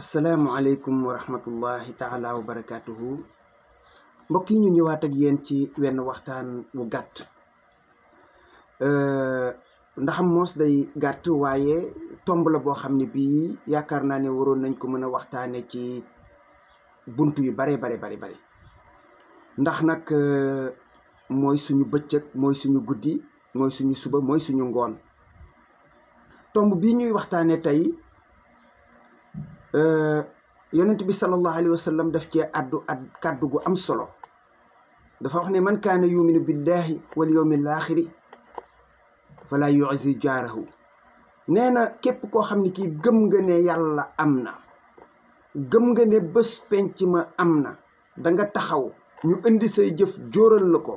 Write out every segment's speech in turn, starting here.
asalaamualeykum wa rahmatullahi taala wa barakatuhu mbokk yi ñu ñëwaat ak yéen ci wenn waxtaan wu gàtt ndaxam am moos day gàtt waaye tomb la boo xam ne bii yaakaar naa ne waroon nañ ko mën a waxtaane ci bunt yu bare bare bare bare ndax nag mooy suñu bëccëg mooy suñu guddi mooy suñu suba mooy suñu ngoon tomb bii ñuy waxtaane tey Eh, yonent bi sallallahu alayhi wa def daf cee àdd ad kàddu gu am solo dafa wax ne man kaana yuminu billahi wal yawmil axiri fala yuzi jaarahu nee na képp koo xam ne kii gëm nga ne yàlla am na gëm nga ne bés penc ma am na danga taxaw ñu indi say jëf jóoral la ko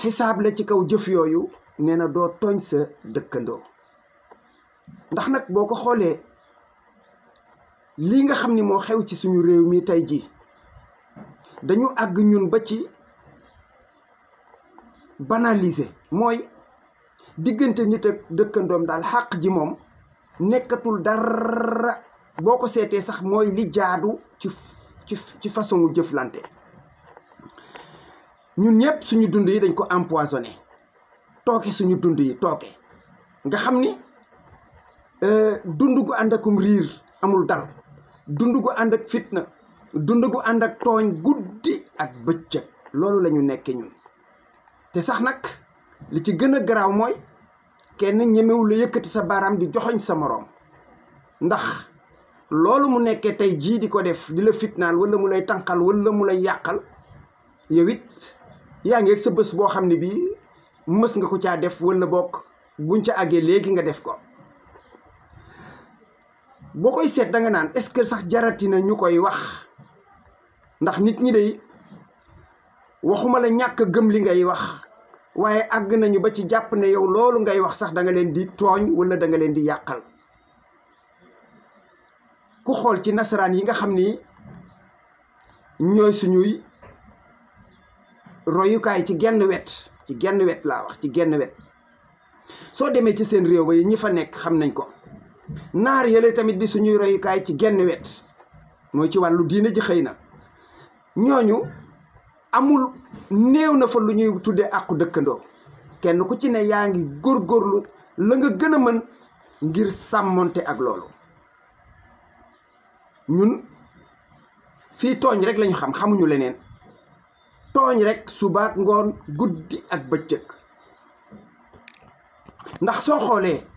xisaab la ci kaw jëf yooyu nee na doo tooñ sa dëkkandoo ndax nag boo ko xoolee lii nga xam ni moo xew ci suñu réew mi tey jii dañu àgg ñun ba ci banaliser mooy diggante nit ak dëkkandoom daal xàq ji moom nekkatul dara boo ko seetee sax mooy li jaadu ci ci façon jëflante ñun ñëpp suñu dund yi dañ ko empoisonné tooke suñu dund yi tooke nga xam ni euh, dund gu ànd akum riir amul dal dund gu ànd ak fitna dund gu ànd ak tooñ guddi ak bëccëg loolu la ñu nekkee ñun te sax nag li ci gën a garaaw mooy kenn ñemewu la yëkkati sa baaraam di joxoñ sa moroom ndax loolu mu nekkee tey jii di ko def di la fitnaal walla mu lay tànqal walla mu lay yàqal yow it yaa ngi ak sa bés boo xam ne bii mës nga ko caa def walla bokk buñ ca àggee léegi nga def ko boo koy seet da nga naan est-ce que sax jaratina ñu koy wax ndax nit ñi day waxuma la ñàkk gëm li ngay wax waaye àgg nañu ba ci jàpp ne yow loolu ngay wax sax danga leen di tooñ wala danga leen di yàqal ku xool ci nasaraan yi nga xam ni ñooy suñuy royukaay ci genn wet ci genn wet laa wax ci genn wet soo demee ci seen réew ba yi ñi fa nekk xam nañ ko naar yële tamit di suñuy reyukaay ci genn wet mooy ci wàllu diine ji xëy na ñooñu amul néew na fa lu ñuy tuddee àqu dëkkandoo kenn ku ci ne yaa ngi góor góorlu la nga gën a mën ngir sàmmonte ak loolu ñun fii tooñ rek lañu xam xamuñu leneen tooñ rekk subaak ngoon guddi ak bëccëg ndax soo xoolee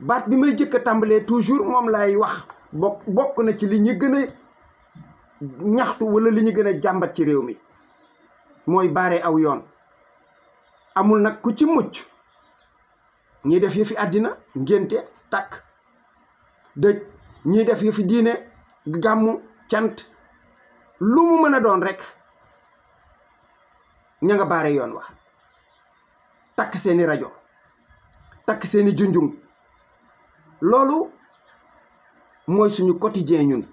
baat bi may jëkk a tàmbalee toujours moom laay wax bokk bokk na ci li ñu gën a ñaxtu wala li ñu gën a jàmbat ci réew mi mooy baare aw yoon amul nag ku ci mucc ñii def yëfi àddina ngénte takk dëj ñii def yëfi diine gàmmu cant lu mu mën a doon rekk ña nga baare yoon wax takk seeni rajo takk seeni junjung loolu mooy suñu quotidien ñun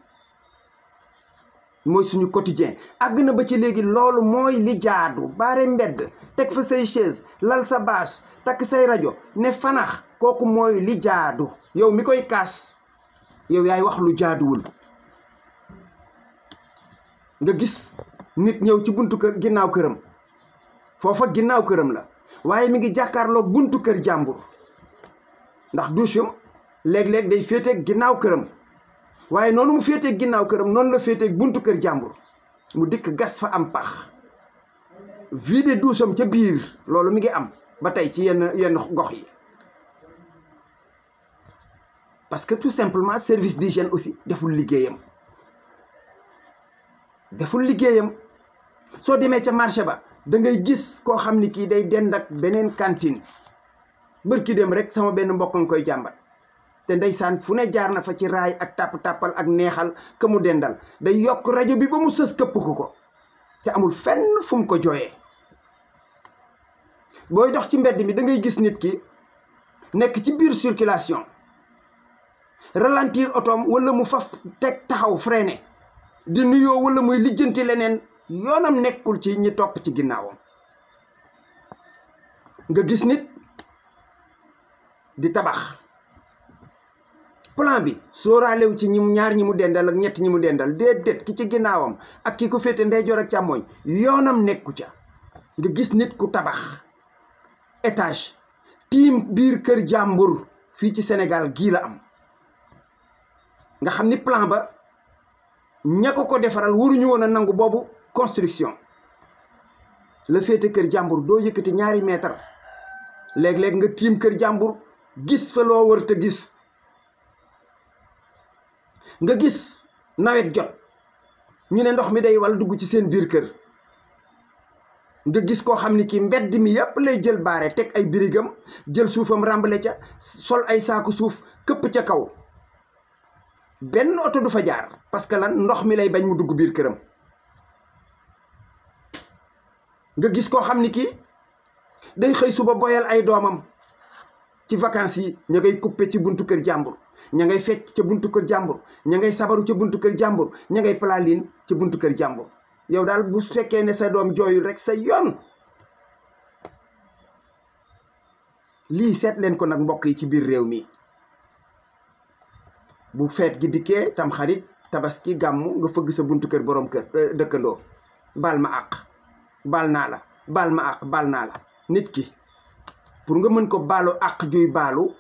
suñu quotidien àgg na ba ci léegi loolu mooy li jaadu baare mbedd teg fa say chaise lal sa baas takk say rajo ne fanax kooku mooy li jaadu yow mi koy kaas yow yaay wax lu jaaduwul nga gis nit ñëw ci buntu kër ginnaaw këram foofa ginnaaw këram la waaye mi ngi jàkkaarloo buntu kër jàmbur ndax douche léeg-léeg day féeteek ginnaaw këram waaye noonu mu féeteeg ginnaaw këram noonu la féeteeg buntu kër jàmbur mu dikk gas fa am pax vide duusam ca biir loolu mi ngi am ba tey ci yenn yenn gox yi parce que tout simplement service di d'hygiène aussi deful liggéeyam deful liggéeyam soo demee ca marché ba da ngay gis koo xam ni kii day dend ak beneen cantine bërki dem rek sama benn mbokk nga koy jàmbat te ndeysaan fu ne jaar na fa ci raay ak tàpp-tàppal ak neexal ka mu dendal da yokk rajo bi ba mu sës këpp ko ko te amul fenn fu ko jooyee booy dox ci mbedd mi dangay gis nit ki nekk ci biir circulation ralentir otoom walla mu faf teg taxaw freiné di nuyoo wala muy lijjanti leneen yoonam nekkul ci ñi topp ci ginnaawam nga gis nit di tabax plan bi sóoraalewu ci ñi ñaar ñi mu dendal ak ñett ñi mu dendal déedéet ki ci ginnaawam ak ki ko féete ndeyjoor ak càmmooñ yoonam nekku ca nga gis nit ku tabax étage tiim biir kër jàmbur fii ci senegal gii la am nga xam ni plan ba ña ko ko defaral waruñu woon a nangu boobu construction la féete kër jàmbur doo yëkkati ñaari meetar léeg-léeg nga tiim kër jàmbur gis fa loo te gis nga gis nawet jot ñu ne ndox mi day wal dugg ci seen biir kër nga gis koo xam ni kii mbedd mi yëpp lay jël baare teg ay birigam jël suufam ràmbale ca sol ay saaku suuf këpp ca kaw benn oto du fa jaar parce que lan ndox mi lay bañ mu dugg biir këram nga gis koo xam ni kii day xëy suba boyal ay doomam ci vacances yi ñu ngay coupé ci buntu kër jàmbur ña ngay fecc ca buntu kër jàmbur ña ngay sabaru ca buntu kër jàmbur ña ngay plaline ca buntu kër jàmbur yow daal bu fekkee ne sa doom jooyul rek sa yoon lii seet leen ko nag mbokk yi ci biir réew mi bu feet gi dikkee tam xarit tabaski gàmmu nga fëgg sa buntu kër boroom kër euh, dëkkandoo baal ma àq baal naa la baal ma àq baal naa la nit ki pour nga mën ko baalu àq juy baalu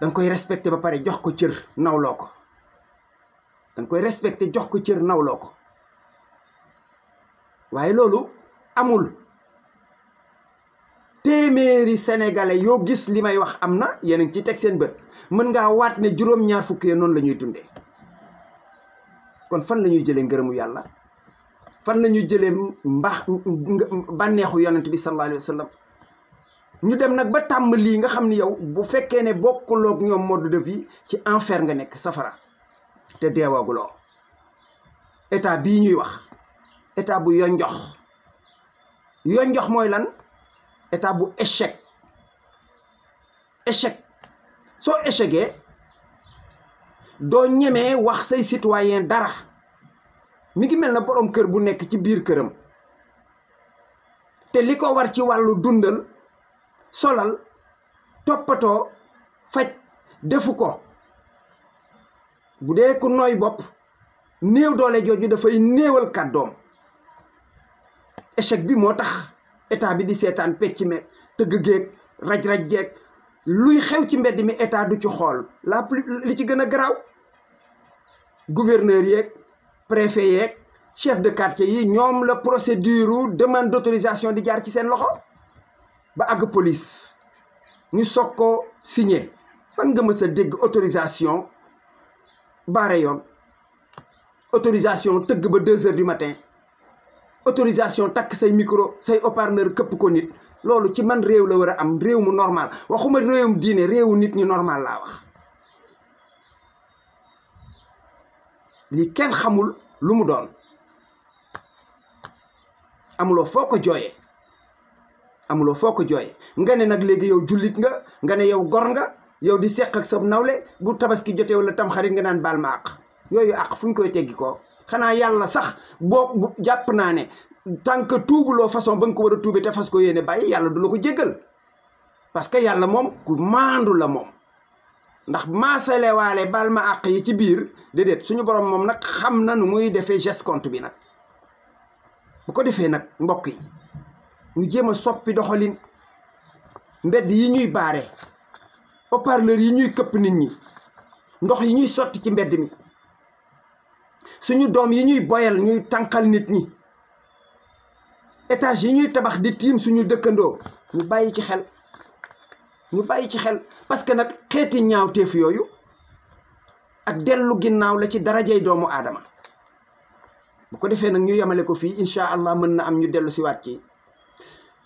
danga koy respecté ba pare jox ko cër nawloo ko danga koy respecté jox ko cër nawloo ko waaye loolu amul téeméeri sénégalais yoo gis li may wax am na yéen ci teg seen bët mën ngaa waat ne juróom-ñaar fukki noonu la ñuy dundee kon fan la ñuy jëlee ngërëmu yàlla fan la ñuy jëlee mbaax bànneexu yonent bi sallallahu alayhi wa sallam ñu dem nag ba tàmm lii nga xam ni yow bu fekkee ne bokkuloog ñoom mode de vie ci enfer nga nekk safara te deewaaguloo état bii ñuy wax état bu yonjox yonjox mooy lan état bu échec échec soo échecgee doo ñemee wax say citoyen dara mi ngi mel na boroom kër bu nekk ci biir këram te li ko war ci wàllu dundal solal toppatoo faj defu ko bu dee ku nooy bopp néew doole jooju dafay néewal kàddoom échec bi moo tax état bi di seetaan pecc me tëgg géeg raj-raj jeeg luy xew ci mbedd mi état du ci xool la plus li ci gën a garaaw gouverneur yeeg préfet yeeg chef de quartier yi ñoom la procédure demande d' autorisation di jaar ci seen loxo ba àgg police ñu soog koo signé fan nga mës dégg autorisation baare yoon autorisation tëgg ba deux heures du matin autorisation takk say micro say haut-parleur këpp ko nit loolu ci man réew la war a am réew mu normal waxuma réewum diine réewu nit ñu normal laa wax li kenn xamul lu mu doon amuloo foo ko jooyee amuloo foo ko jooy nga ne nag léegi yow jullit nga nga ne yow gor nga yow di seq ak sa nawle bu tabaski jotee wala tam xarit nga naan baal ma àq yooyu àq fu ñu koy teggi ko xanaa yàlla sax boo jàpp naa ne tant que tuubuloo façon ba nga ko war a tuube te fas ko yéene bàyyi yàlla du la ko jéggal parce que yàlla moom ku maandu la moom ndax maasalewaale baal ma àq yi ci biir déedéet suñu borom moom nag xam na nu muy defee gest compte bi nag bu ko defee nag mbokk yi ñu jéem a soppi doxalin mbedd yi ñuy baare haut yi ñuy këpp nit ñi ndox yi ñuy sotti ci mbedd mi suñu doom yi ñuy boyal ñuy tànqal nit ñi étage yi ñuy tabax di tiim suñu dëkkandoo ñu bàyyi ci xel ñu bàyyi ci xel parce que nag xeeti ñaawteef yooyu ak dellu ginnaaw la ci darajay doomu aadama bu ko defee nag ñu yamale ko fii incha allah mën na am ñu dellu siwaat ci